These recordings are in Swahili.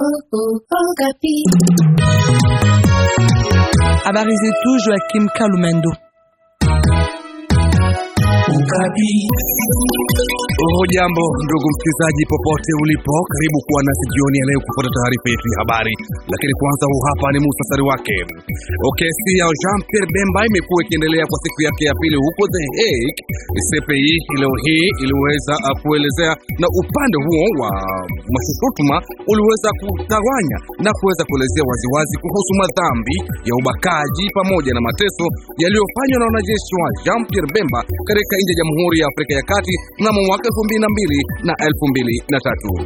oh, oh, oh, Okapi. Habari zetu Joachim Kalumendo. Okapi. Hujambo ndugu msikilizaji, popote ulipo, karibu kuwa nasi jioni ya leo kupata taarifa yetu ya habari, lakini kwanza, huu hapa ni muhtasari wake. Kesi ya Jean Pierre Bemba imekuwa ikiendelea kwa siku yake ya pili huko The Hague. CPI leo hii iliweza kuelezea na upande huo wa mashutuma uliweza kutawanya na kuweza kuelezea waziwazi kuhusu madhambi ya ubakaji pamoja na mateso yaliyofanywa na wanajeshi wa Jean Pierre Bemba katika nchi ya Jamhuri ya Afrika ya Kati mnamo mwaka 2002 na 2003.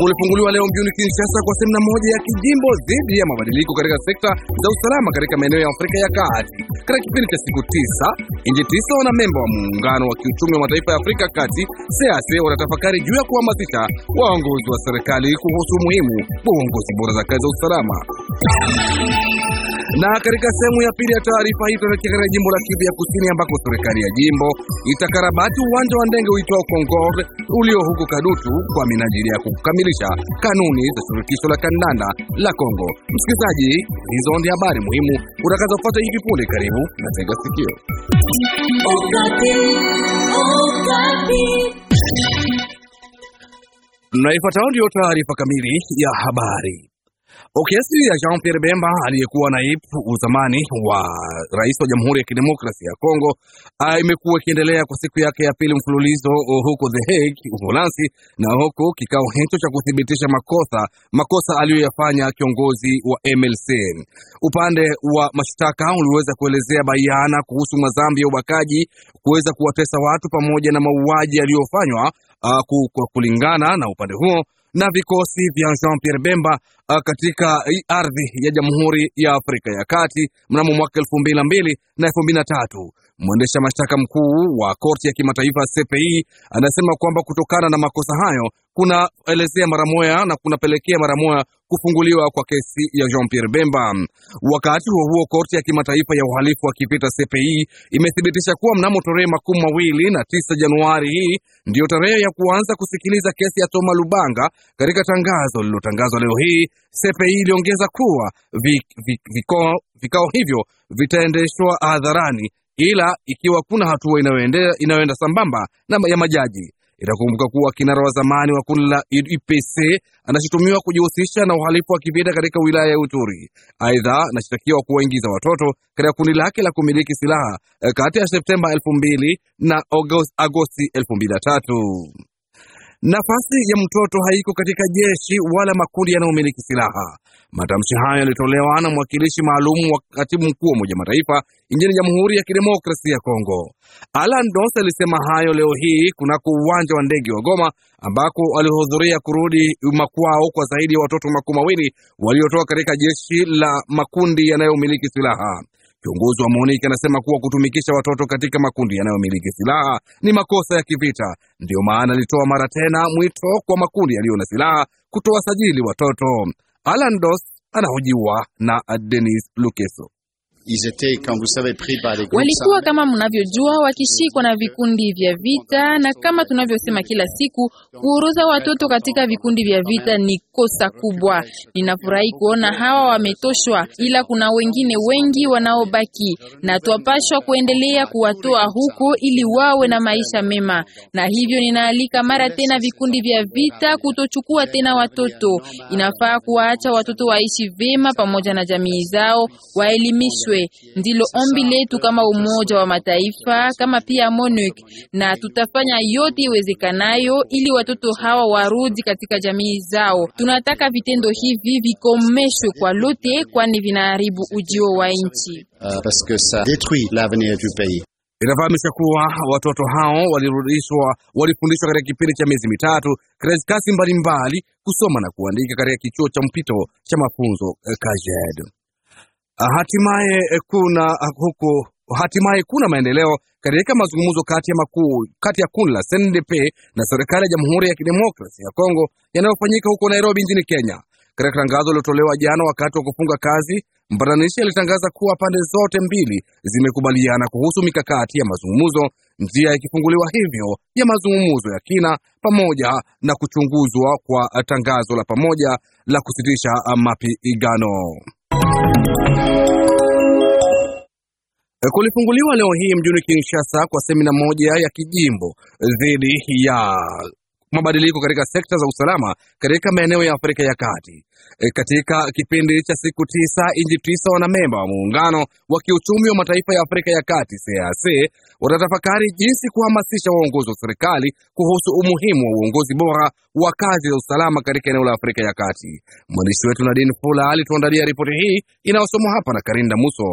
Kulifunguliwa leo mjini Kinshasa kwa semina moja ya kijimbo dhidi ya mabadiliko katika sekta za usalama katika maeneo ya Afrika ya Kati. Katika kipindi cha siku tisa, nchi tisa memba wa muungano wa kiuchumi wa mataifa ya Afrika Kati SEASE wanatafakari juu ya kuhamasisha waongozi wa serikali kuhusu umuhimu wa uongozi bora za kazi za usalama. Na katika sehemu ya pili ya taarifa hii tuelekea katika jimbo la Kivu ya Kusini ambako serikali ya jimbo itakarabati uwanja wa ndege uitwao Concorde ulio huko Kadutu kwa minajili ya kukamilisha kanuni za shirikisho la kandanda la Kongo. Msikilizaji, hizo ndio habari muhimu utakazofuata hivi punde. Karibu na tega sikio. Naifuatayo ndiyo taarifa kamili ya habari. Okesi ya Jean Pierre Bemba aliyekuwa naibu uzamani wa rais wa Jamhuri ya Kidemokrasia ya Kongo ah, imekuwa ikiendelea kwa siku yake ya pili mfululizo uh, huko The Hague, Uholanzi, na huko kikao hicho cha kuthibitisha makosa makosa aliyoyafanya kiongozi wa MLC. Upande wa mashtaka uliweza kuelezea bayana kuhusu madhambi ya ubakaji, kuweza kuwatesa watu pamoja na mauaji yaliyofanywa ah, kulingana na upande huo na vikosi vya Jean Pierre Bemba uh, katika ardhi ya Jamhuri ya Afrika ya Kati mnamo mwaka elfu mbili na mbili na elfu mbili na tatu. Mwendesha mashtaka mkuu wa korti ya kimataifa CPI anasema kwamba kutokana na makosa hayo kunaelezea mara moja na kunapelekea mara moja kufunguliwa kwa kesi ya Jean Pierre Bemba. Wakati huo huo, korti ya kimataifa ya uhalifu wa kivita CPI imethibitisha kuwa mnamo tarehe makumi mawili na tisa Januari hii ndiyo tarehe ya kuanza kusikiliza kesi ya Toma Lubanga. Katika tangazo lililotangazwa leo hii, CPI iliongeza kuwa vikao vi, vi, hivyo vitaendeshwa hadharani ila ikiwa kuna hatua inayoenda sambamba na ya majaji. Itakumbuka kuwa kinara wa zamani wa kundi la UPC anashutumiwa kujihusisha na uhalifu wa kivita katika wilaya ya Uturi. Aidha, anashitakiwa kuwaingiza watoto katika kundi lake la kumiliki silaha eh, kati ya Septemba 2000 na Agosti 2003. Nafasi ya mtoto haiko katika jeshi wala makundi yanayomiliki silaha. Matamshi hayo yalitolewa na mwakilishi maalum wa katibu mkuu wa Umoja Mataifa nchini Jamhuri ya Kidemokrasia ya Kongo. Alan Dos alisema hayo leo hii kunako uwanja wa ndege wa Goma ambako walihudhuria kurudi makwao kwa zaidi ya watoto makumi mawili waliotoka katika jeshi la makundi yanayomiliki silaha. Kiongozi wa MONUC anasema kuwa kutumikisha watoto katika makundi yanayomiliki silaha ni makosa ya kivita. Ndiyo maana alitoa mara tena mwito kwa makundi yaliyo na silaha kutoa sajili watoto. Alan dos anahojiwa na Denis Lukeso walikuwa kama mnavyojua wakishikwa na vikundi vya vita, na kama tunavyosema kila siku, kuoroza watoto katika vikundi vya vita ni kosa kubwa. Ninafurahi kuona hawa wametoshwa, ila kuna wengine wengi wanaobaki, na twapashwa kuendelea kuwatoa huko ili wawe na maisha mema. Na hivyo ninaalika mara tena vikundi vya vita kutochukua tena watoto. Inafaa kuwaacha watoto waishi vema pamoja na jamii zao, waelimishwe wenyewe. Ndilo ombi letu kama Umoja wa Mataifa, kama pia MONUC, na tutafanya yote iwezekanayo ili watoto hawa warudi katika jamii zao. Tunataka vitendo hivi vikomeshwe kwa lote, kwani vinaharibu ujio wa nchi. Euh, Inafahamisha kuwa watoto hao walirudishwa, walifundishwa katika kipindi cha miezi mitatu katika kasi mbalimbali kusoma na kuandika katika kichuo cha mpito cha mafunzo eh, Kajed. Hatimaye eh, kuna ah, huko hatimaye kuna maendeleo katika mazungumzo kati ya makuu kati ya kundi la CNDP na serikali ya Jamhuri ya Kidemokrasia ya Kongo yanayofanyika huko Nairobi nchini Kenya. Katika tangazo lilotolewa jana wakati wa kufunga kazi, mpatanishi alitangaza kuwa pande zote mbili zimekubaliana kuhusu mikakati ya mazungumzo, njia ikifunguliwa hivyo ya mazungumzo ya kina, pamoja na kuchunguzwa kwa tangazo la pamoja la kusitisha mapigano. Eh, kulifunguliwa leo hii mjini Kinshasa kwa semina moja ya kijimbo dhidi ya mabadiliko katika sekta za usalama katika maeneo ya Afrika ya Kati. E, katika kipindi cha siku tisa nchi tisa wanamemba wa muungano wa kiuchumi wa mataifa ya Afrika ya Kati CEEAC watatafakari jinsi kuhamasisha waongozi wa serikali kuhusu umuhimu wa uongozi bora wa kazi za usalama katika eneo la Afrika ya Kati. Mwandishi wetu Nadine Fula alituandalia ripoti hii inayosomwa hapa na Karinda Muso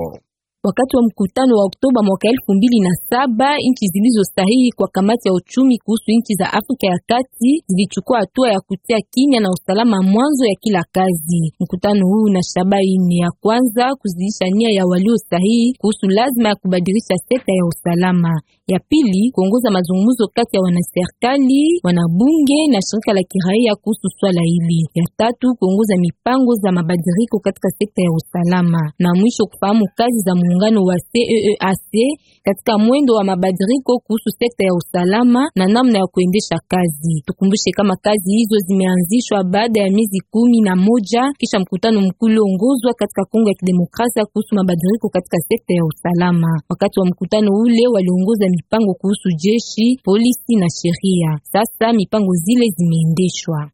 wakati wa mkutano wa Oktoba mwaka elfu mbili na saba. Nchi zilizosahihi kwa kamati ya uchumi kuhusu nchi za Afrika ya Kati zilichukua hatua ya kutia kimya na usalama mwanzo ya kila kazi. Mkutano huu na shabai ni ya kwanza kuzidisha nia ya sahihi kuhusu lazima ya kubadilisha sekta ya usalama, ya pili kuongoza mazungumzo kati ya wanaserikali, wanabunge na shirika la kiraia kuhusu swala hili, ya tatu kuongoza mipango za mabadiliko katika sekta ya usalama na mwisho kufahamu kazi za mungu muungano wa CEEAC e e katika mwendo wa mabadiliko kuhusu sekta ya usalama na namna ya kuendesha kazi. Tukumbushe kama kazi hizo zimeanzishwa baada ya miezi kumi na moja kisha mkutano mkuu uliongozwa katika Kongo ya Kidemokrasia kuhusu mabadiliko katika sekta ya usalama. Wakati wa mkutano ule waliongoza mipango kuhusu jeshi, polisi na sheria. Sasa mipango zile zimeendeshwa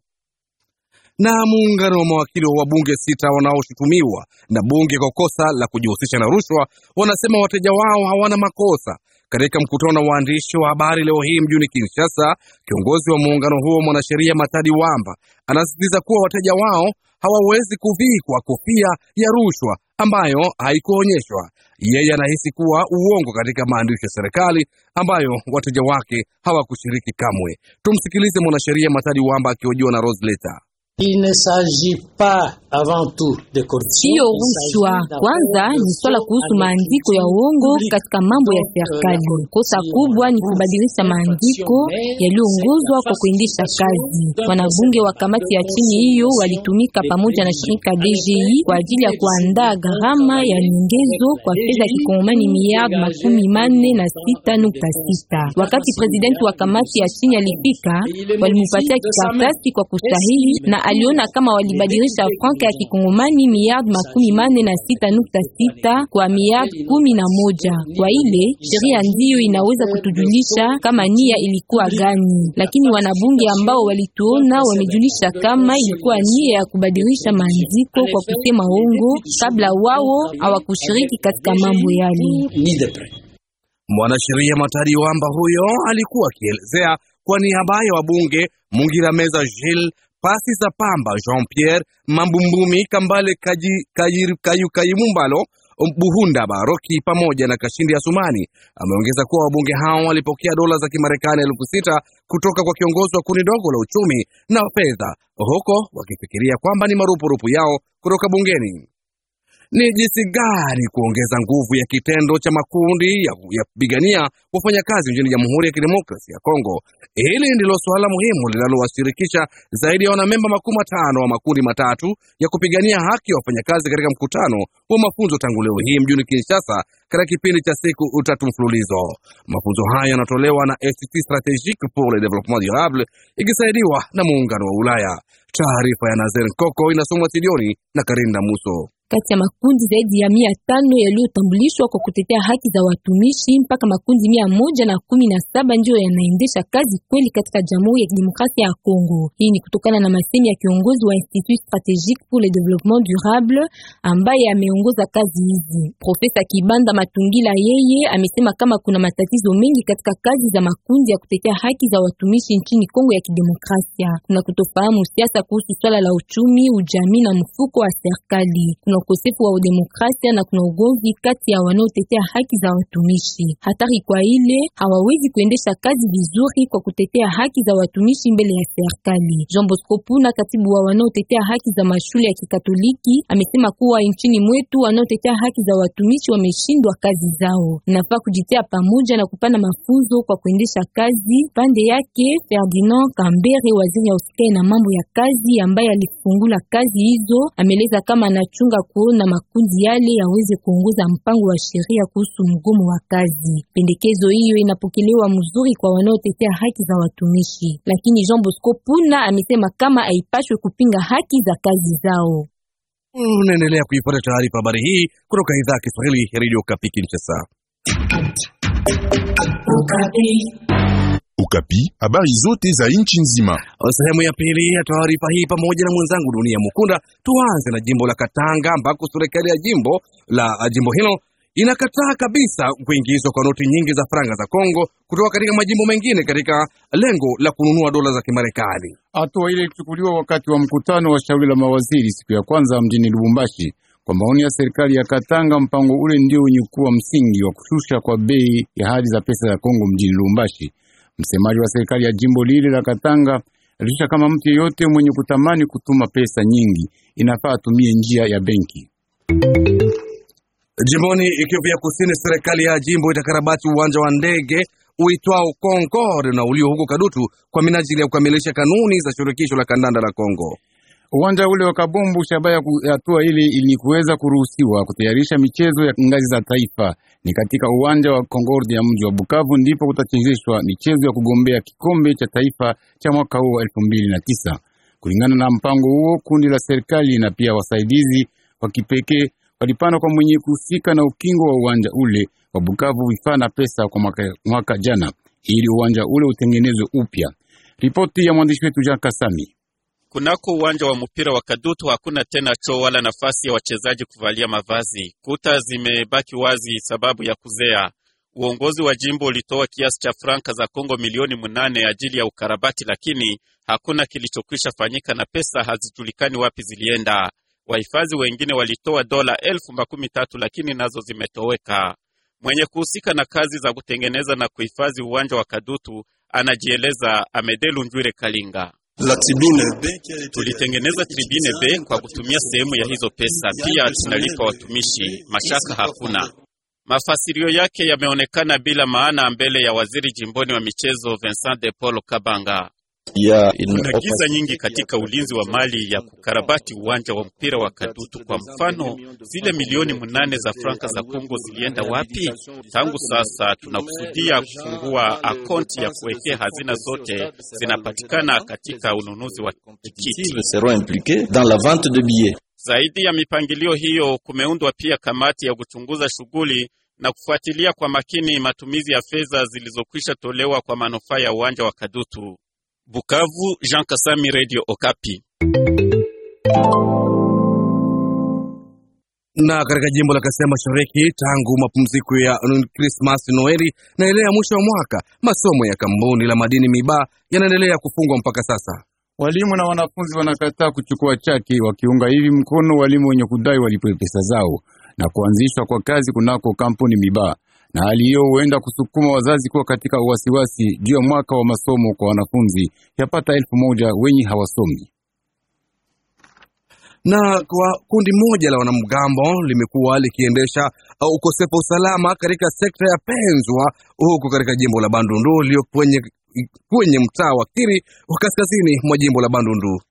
na muungano wa mawakili wa wabunge sita wanaoshutumiwa na bunge kwa kosa la kujihusisha na rushwa wanasema wateja wao hawana makosa. Katika mkutano na waandishi wa habari leo hii mjini Kinshasa, kiongozi wa muungano huo mwanasheria Matadi Wamba anasisitiza kuwa wateja wao hawawezi kuvikwa kofia ya rushwa ambayo haikuonyeshwa. Yeye anahisi kuwa uongo katika maandishi ya serikali ambayo wateja wake hawakushiriki kamwe. Tumsikilize mwanasheria Matadi Wamba akihojiwa na Rosleta. Hiyo rushwa kwanza ni swala kuhusu maandiko ya uongo katika mambo ya serikali. Kosa kubwa ni kubadilisha maandiko yaliyoongozwa kwa kuendesha kazi. Wanabunge wa kamati ya chini hiyo walitumika pamoja na shirika DGI kwa ajili ya kuandaa gharama ya nyongezo kwa fedha kikongomani miliardi makumi manne na sita nukta sita. Wakati presidenti wa kamati ya chini alifika, walimpatia kikaratasi kwa kustahili na aliona kama walibadilisha franka ya kikongomani miliardi makumi mane na sita nukta sita kwa miliardi kumi na moja. Kwa ile sheria ndiyo inaweza kutujulisha kama nia ilikuwa gani, lakini wanabunge ambao walituona wamejulisha kama ilikuwa nia ya kubadilisha maandiko kwa kusema hongo kabla wao hawakushiriki katika mambo yale. Mwanasheria Matari Wamba huyo alikuwa akielezea kwa niaba ya wabunge Meza Gilles pasi za pamba Jean Pierre Mambumbumi, Kambale Kayumumbalo Buhunda Baroki pamoja na Kashindi Asumani. Ameongeza kuwa wabunge hao walipokea dola za Kimarekani elfu sita kutoka kwa kiongozi wa kundi dogo la uchumi na fedha, huko wakifikiria kwamba ni marupurupu yao kutoka bungeni ni jinsi gani kuongeza nguvu ya kitendo cha makundi ya kupigania wafanyakazi nchini Jamhuri ya Kidemokrasia ya Kongo. Hili ndilo suala muhimu linalowashirikisha zaidi ya wanamemba makumi matano wa makundi matatu ya kupigania haki ya wafanyakazi katika mkutano wa mafunzo tangu leo hii mjini Kinshasa katika kipindi cha siku tatu mfululizo. Mafunzo haya yanatolewa na Institut Strategique pour le Durable ikisaidiwa na Muungano wa Ulaya. Taarifa ya Nazer Koko inasomwa studioni na Karinda Muso kati ya makundi zaidi ya mia tano yaliyotambulishwa kwa kutetea haki za watumishi mpaka makundi mia moja na kumi na saba ndiyo yanaendesha kazi kweli katika Jamhuri ya Kidemokrasia ya Kongo. Hii ni kutokana na masemi ya kiongozi wa Institut Strategique pour le Développement Durable ambaye ameongoza kazi hizi. Profesa Kibanda Matungila yeye amesema kama kuna matatizo mengi katika kazi za makundi ya kutetea haki za watumishi nchini Kongo ya Kidemokrasia. Kuna kutofahamu siasa kuhusu swala la uchumi, ujamii na mfuko wa serikali. Kuna ukosefu wa udemokrasia na kuna ugomvi kati ya wanaotetea haki za watumishi. Hatari kwa ile hawawezi kuendesha kazi vizuri kwa kutetea haki za watumishi mbele ya serikali. Jean Bosco Puna, katibu wa wanaotetea haki za mashule ya Kikatoliki, amesema kuwa nchini mwetu wanaotetea haki za watumishi wameshindwa kazi zao. Nafaa kujitia pamoja na kupana mafunzo kwa kuendesha kazi. Pande yake Ferdinand Kambere, waziri ya usikae na mambo ya kazi, ambaye alifungula kazi hizo, ameleza kama anachunga kuona makundi yale yaweze kuongoza mpango wa sheria kuhusu mgomo wa kazi. Pendekezo hiyo inapokelewa mzuri kwa wanaotetea haki za watumishi, lakini Jean Bosco Puna amesema kama haipashwe kupinga haki za kazi zao. Unaendelea kuipata taarifa habari hii kutoka idhaa ya Kiswahili ya Radio Okapi Kinshasa. Ukapi, habari zote za nchi nzima. Sehemu ya pili ya taarifa hii pamoja na mwenzangu Dunia Mukunda. Tuanze na jimbo la Katanga ambako serikali ya jimbo la jimbo hilo inakataa kabisa kuingizwa kwa noti nyingi za franga za Kongo kutoka katika majimbo mengine katika lengo la kununua dola za Kimarekani. Hatua ile ilichukuliwa wakati wa mkutano wa shauri la mawaziri siku ya kwanza mjini Lubumbashi. Kwa maoni ya serikali ya Katanga, mpango ule ndio wenye kuwa msingi wa kushusha kwa bei ya hadi za pesa ya Kongo mjini Lubumbashi. Msemaji wa serikali ya jimbo lile la Katanga alisha kama mtu yeyote mwenye kutamani kutuma pesa nyingi inafaa atumie njia ya benki. Jimboni Kivu ya Kusini, serikali ya jimbo itakarabati uwanja wa ndege uitwao Concorde na ulio huko Kadutu kwa minajili ya kukamilisha kanuni za shirikisho la kandanda la Kongo. Uwanja ule wa Kabumbu shabaha ya hatua ile ni kuweza kuruhusiwa kutayarisha michezo ya ngazi za taifa. Ni katika uwanja wa Concord ya mji wa Bukavu ndipo kutachezeshwa michezo ya kugombea kikombe cha taifa cha mwaka huu wa 2009. Kulingana na mpango huo, kundi la serikali na pia wasaidizi wa kipekee walipanda kwa mwenye kuhusika na ukingo wa uwanja ule wa Bukavu vifaa na pesa kwa mwaka, mwaka jana ili uwanja ule utengenezwe upya. Ripoti ya mwandishi wetu Jean Kasami. Kunako uwanja wa mpira wa Kadutu hakuna tena choo wala nafasi ya wachezaji kuvalia mavazi. Kuta zimebaki wazi sababu ya kuzea. Uongozi wa jimbo ulitoa kiasi cha franka za Kongo milioni mnane ajili ya ukarabati, lakini hakuna kilichokwisha fanyika na pesa hazijulikani wapi zilienda. Wahifadhi wengine walitoa dola elfu makumi tatu lakini nazo zimetoweka. Mwenye kuhusika na kazi za kutengeneza na kuhifadhi uwanja wa Kadutu anajieleza Amedelu Njwire Kalinga. Tulitengeneza Tribune B kwa kutumia sehemu ya hizo pesa, pia tunalipa watumishi, mashaka hakuna. Mafasirio yake yameonekana bila maana mbele ya waziri jimboni wa michezo Vincent de Paul Kabanga. Yeah, kuna giza nyingi katika ulinzi wa mali ya kukarabati uwanja wa mpira wa kadutu. Kwa mfano, zile milioni mnane za franka za Kongo zilienda wapi? Tangu sasa tunakusudia kufungua akaunti ya kuwekea hazina zote zinapatikana katika ununuzi wa tikiti. Zaidi ya mipangilio hiyo, kumeundwa pia kamati ya kuchunguza shughuli na kufuatilia kwa makini matumizi ya fedha zilizokwisha tolewa kwa manufaa ya uwanja wa Kadutu. Bukavu, Jean Kasami, Radio Okapi. Na katika jimbo la Kasai Mashariki, tangu mapumziko ya Krismas, Noeli na ile ya mwisho wa mwaka, masomo ya kampuni la madini Mibaa yanaendelea kufungwa mpaka sasa. Walimu na wanafunzi wanakataa kuchukua chaki, wakiunga hivi mkono walimu wenye kudai walipwe pesa zao na kuanzishwa kwa kazi kunako kampuni Mibaa na hali hiyo huenda kusukuma wazazi kuwa katika uwasiwasi juu ya mwaka wa masomo kwa wanafunzi yapata elfu moja wenye hawasomi na kwa kundi moja la wanamgambo limekuwa likiendesha uh, ukosefu wa usalama katika sekta ya Penzwa huko katika jimbo la Bandundu lio kwenye, kwenye mtaa wa Kiri wa kaskazini mwa jimbo la Bandundu.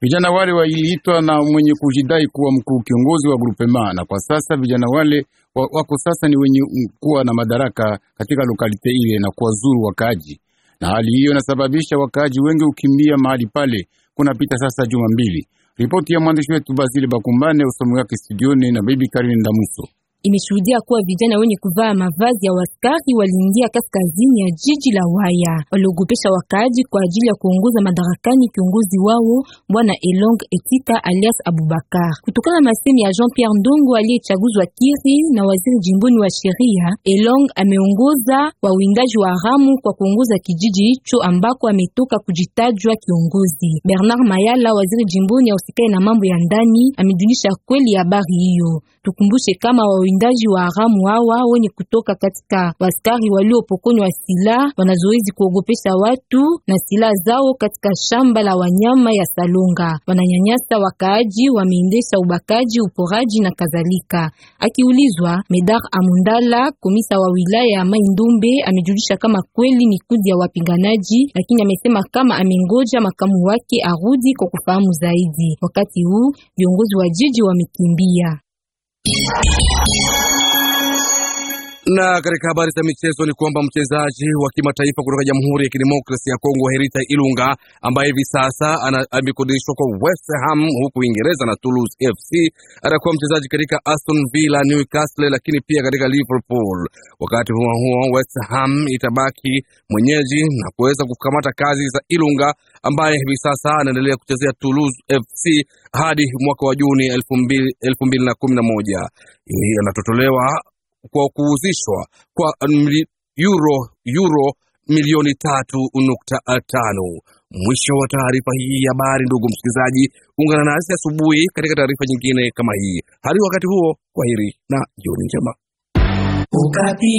Vijana wale waliitwa na mwenye kujidai kuwa mkuu kiongozi wa grupema, na kwa sasa vijana wale wako sasa ni wenye kuwa na madaraka katika lokalite ile na kuwazuru wakaaji, na hali hiyo inasababisha wakaaji wengi ukimbia mahali pale. Kunapita sasa juma mbili. Ripoti ya mwandishi wetu Basile Bakumbane, usomi wake studioni na bibi Karine Ndamuso imeshuhudia kuwa vijana wenye kuvaa mavazi ya waskari waliingia kaskazini ya jiji la Waya, waliogopesha wakaaji kwa ajili ya kuongoza madarakani kiongozi wao bwana Elong Etita alias Abubakar. Kutokana na masemi ya Jean-Pierre Ndongo aliyechaguzwa Kiri na waziri jimboni wa sheria, Elong ameongoza wawindaji wa haramu kwa kuongoza kijiji hicho ambako ametoka kujitajwa kiongozi. Bernard Mayala, waziri jimboni ya usikani na mambo ya ndani, amejulisha kweli habari hiyo. Tukumbushe kama wa wawindaji wa haramu hawa wenye kutoka katika waskari waliopokonywa silaha wanazoezi kuogopesha watu na silaha zao katika shamba la wanyama ya Salonga. Wananyanyasa wakaaji, wameendesha ubakaji, uporaji na kadhalika. Akiulizwa, Medar Amundala, komisa wa wilaya ya Mai-Ndombe, amejulisha kama kweli ni kundi ya wapinganaji, lakini amesema kama amengoja makamu wake arudi kwa kufahamu zaidi. Wakati huu viongozi wa jiji wamekimbia. Thank you. Na katika habari za michezo ni kwamba mchezaji wa kimataifa kutoka Jamhuri ya Kidemokrasia ya Kongo Herita Ilunga ambaye hivi sasa amekodishwa kwa West Ham huku Uingereza na Toulouse FC atakuwa mchezaji katika Aston Villa, Newcastle, lakini pia katika Liverpool. Wakati huo huo, West Ham itabaki mwenyeji na kuweza kukamata kazi za Ilunga ambaye hivi sasa anaendelea kuchezea Toulouse FC hadi mwaka wa Juni 2011 anatotolewa kwa kuuzishwa kwa euro, euro milioni tatu nukta tano. Mwisho wa taarifa hii ya habari. Ndugu msikilizaji, ungana nasi asubuhi katika taarifa nyingine kama hii. Hadi wakati huo, kwa heri na jioni njema. Ukati.